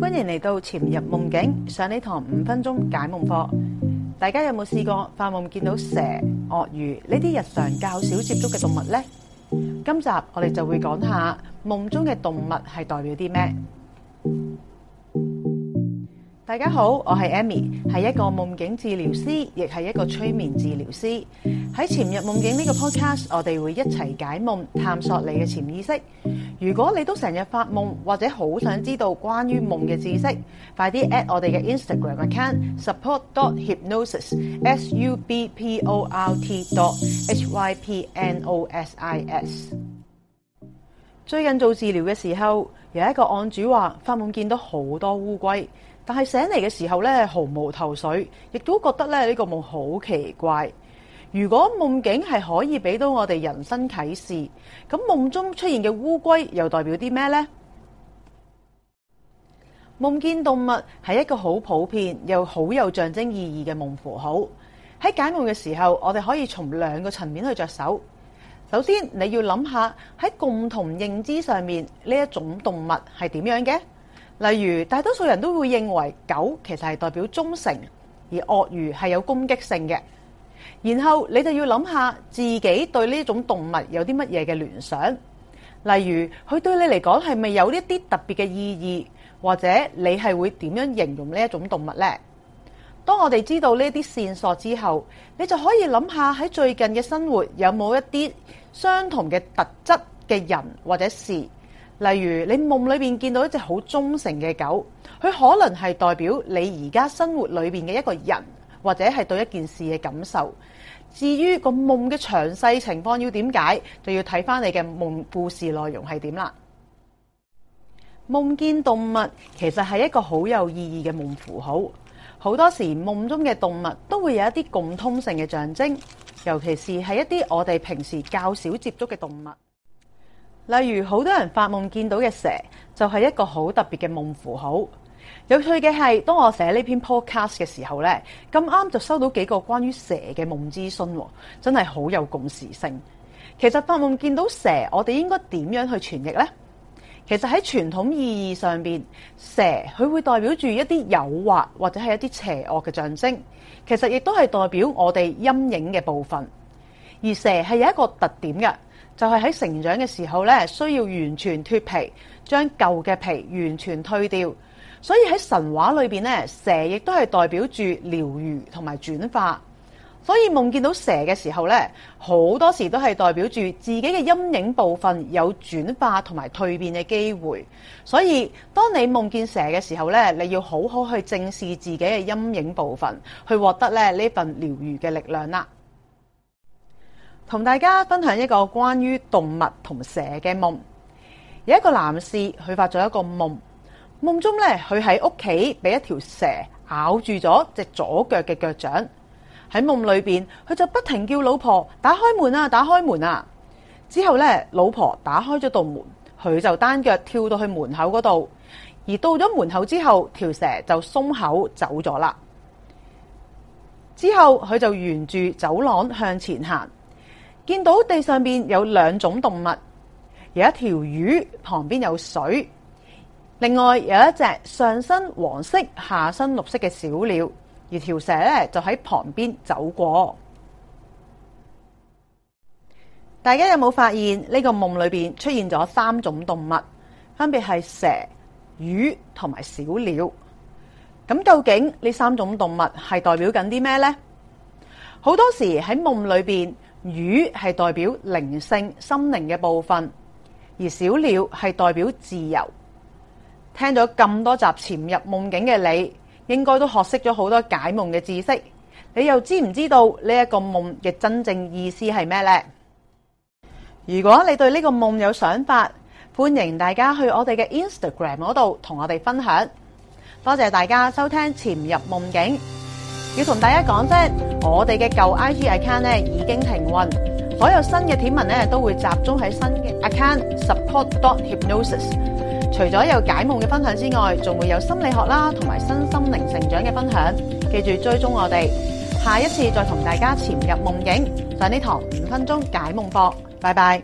歡迎嚟到潛入夢境，上呢堂五分鐘解夢課。大家有冇試過發夢見到蛇、鱷魚呢啲日常較少接觸嘅動物呢？今集我哋就會講下夢中嘅動物係代表啲咩。大家好，我係 Amy，係一個夢境治療師，亦係一個催眠治療師。喺潛入夢境呢個 podcast，我哋會一齊解夢，探索你嘅潛意識。如果你都成日發夢，或者好想知道關於夢嘅知識，快啲 at 我哋嘅 Instagram account support dot hypnosis s u b p o r t dot h y p n o s i s。最近做治療嘅時候，有一個案主話發夢見到好多烏龜。但係醒嚟嘅時候咧，毫無頭緒，亦都覺得咧呢個夢好奇怪。如果夢境係可以俾到我哋人生啟示，咁夢中出現嘅烏龜又代表啲咩呢？夢見動物係一個好普遍又好有象徵意義嘅夢符號。喺解夢嘅時候，我哋可以從兩個層面去着手。首先，你要諗下喺共同認知上面呢一種動物係點樣嘅。例如，大多數人都會認為狗其實係代表忠誠，而鱷魚係有攻擊性嘅。然後你就要諗下自己對呢種動物有啲乜嘢嘅聯想，例如佢對你嚟講係咪有一啲特別嘅意義，或者你係會點樣形容呢一種動物呢？當我哋知道呢啲線索之後，你就可以諗下喺最近嘅生活有冇一啲相同嘅特質嘅人或者事。例如，你夢裏面見到一隻好忠誠嘅狗，佢可能係代表你而家生活裏邊嘅一個人，或者係對一件事嘅感受。至於個夢嘅詳細情況要點解，就要睇返你嘅夢故事內容係點啦。夢見動物其實係一個好有意義嘅夢符號，好多時夢中嘅動物都會有一啲共通性嘅象徵，尤其是係一啲我哋平時較少接觸嘅動物。例如好多人發夢見到嘅蛇，就係一個好特別嘅夢符號。有趣嘅係，當我寫呢篇 podcast 嘅時候呢，咁啱就收到幾個關於蛇嘅夢諮詢，真係好有共時性。其實發夢見到蛇，我哋應該點樣去傳譯呢？其實喺傳統意義上邊，蛇佢會代表住一啲誘惑或者係一啲邪惡嘅象徵。其實亦都係代表我哋陰影嘅部分。而蛇係有一個特點嘅。就係、是、喺成長嘅時候咧，需要完全脫皮，將舊嘅皮完全褪掉。所以喺神話裏邊咧，蛇亦都係代表住療愈同埋轉化。所以夢見到蛇嘅時候咧，好多時都係代表住自己嘅陰影部分有轉化同埋蛻變嘅機會。所以當你夢見蛇嘅時候咧，你要好好去正視自己嘅陰影部分，去獲得咧呢份療愈嘅力量啦。同大家分享一個關於動物同蛇嘅夢。有一個男士佢發咗一個夢，夢中咧佢喺屋企俾一條蛇咬住咗隻左腳嘅腳掌。喺夢裏邊，佢就不停叫老婆打開門啊，打開門啊。之後咧，老婆打開咗道門，佢就單腳跳到去門口嗰度。而到咗門口之後，條蛇就鬆口走咗啦。之後佢就沿住走廊向前行。見到地上邊有兩種動物，有一條魚旁邊有水，另外有一隻上身黃色、下身綠色嘅小鳥，而條蛇咧就喺旁邊走過。大家有冇發現呢個夢裏邊出現咗三種動物，分別係蛇、魚同埋小鳥？咁究竟呢三種動物係代表緊啲咩呢？好多時喺夢裏邊。魚係代表靈性、心靈嘅部分，而小鳥係代表自由。聽咗咁多集《潛入夢境》嘅你，應該都學識咗好多解夢嘅知識。你又知唔知道呢一個夢嘅真正意思係咩呢？如果你對呢個夢有想法，歡迎大家去我哋嘅 Instagram 嗰度同我哋分享。多謝大家收聽《潛入夢境》。要同大家講啫，我哋嘅舊 IG account 咧，已經停運，所有新嘅帖文咧，都會集中喺新嘅 account subport.hypnosis。除咗有解夢嘅分享之外，仲會有心理學啦，同埋身心靈成長嘅分享。記住追蹤我哋，下一次再同大家潛入夢境，上呢堂五分鐘解夢課，拜拜。